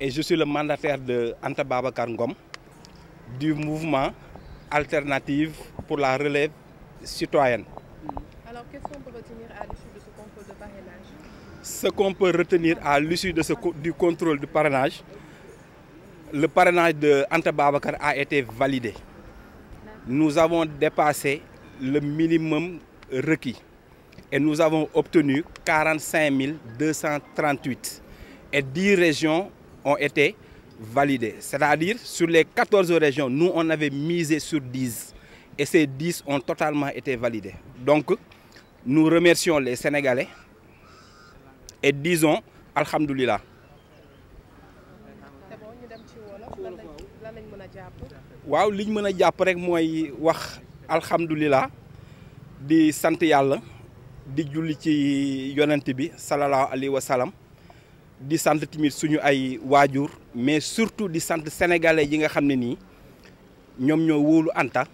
et je suis le mandataire de Anta Babacar Ngom du pour la relève citoyenne. retenir à l'issue de ce contrôle de parrainage? Ce qu'on peut retenir à l'issue de ce du contrôle de parrainage, le parrainage de Anta Babacar Nous avons dépassé le minimum requis et nous avons et 10 régions on été validés. C'est-à-dire, sur les 14 régions, nous, on avait misé sur 10. Et ces 10 ont totalement été validés. Donc, nous remercions les Sénégalais et disons Alhamdulillah. waaw liñ mën a jàpp rek mooy wax alhamdulilah di sant yàlla di julli ci yonante bi sallallahu alayhi wa di sant tamit suñu ay waajur mais surtout di sant sénégalais yi nga xam ne nii ñoom ñoo wóolu Anta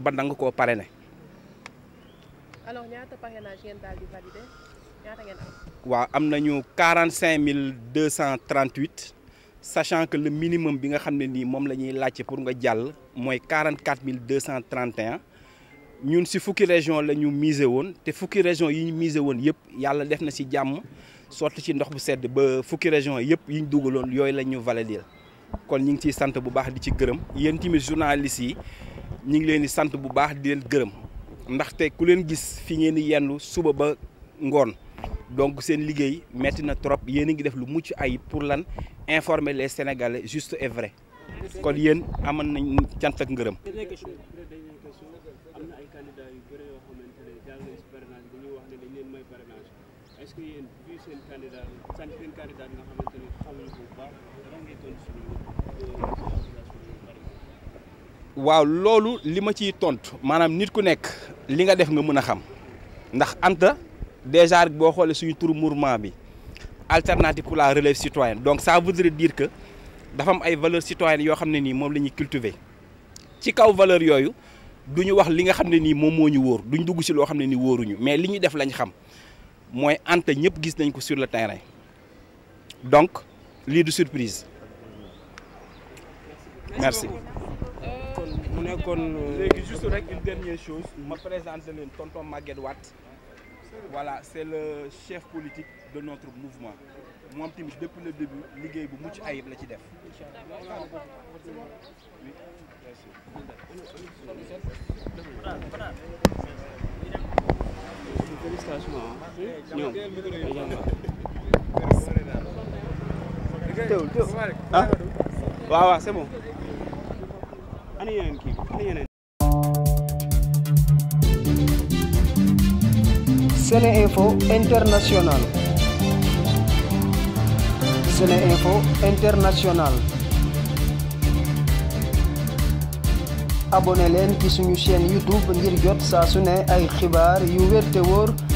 ba danga koo parrainé. alors ñaata waaw am nañu quarante cinq mille deux cent trente huit sachant que le minimum bi nga xam ne nii moom la ñuy laajte pour nga jàll mooy quarante quatre mille deux cent trente et ñun si fukki région la ñu misé woon te fukki région yi ñu misé woon yëpp yàlla def na si jàmm. sotti ci ndox bu sedd ba fukki région yëpp yi ñu dugaloon yooyu la ñu validé kon ñu ngi ciy sant bu baax di ci gërëm yéen tamit journalistes yi ñu ngi leen di sant bu baax di leen gërëm ndaxte ku leen gis fi ngeen di yendu suba ba ngoon donc seen liggéey metti na trop yéen a ngi def lu mucc ay pour lan informer les sénégalais juste et vrai kon yéen amoon nañ cant ak ngërëm. est-ce euh, waaw loolu li ma ciy tontu maanaam nit ku nekk li nga def nga mën a xam ndax Anta déjà boo xoolee suñu tur mouvement bi alternative pour la relève citoyenne donc ça voudrait diir que dafa am ay valeurs citoyennes yoo xam ne nii moom la ñuy cultiver ci kaw valeur yooyu du ñu wax li nga xam ne nii moom moo ñu wóor duñ dugg si loo xam ne nii wóoruñu mais li ñu def lañ xam. mooy Anta ñëpp gis nañ ko sur le terrain donc lii du surprise merci. kon nekkoon euh, léegi juste ma présente leen tonton Maguette Wade voilà c'est le chef politique de notre mouvement moom tamit depuis le début liggéey bu mucc ayib la ci def. franchement ñoom teewul teewul Sene Info International Sene ci suñu chaîne YouTube ngir jot saa su ay xibaar yu wér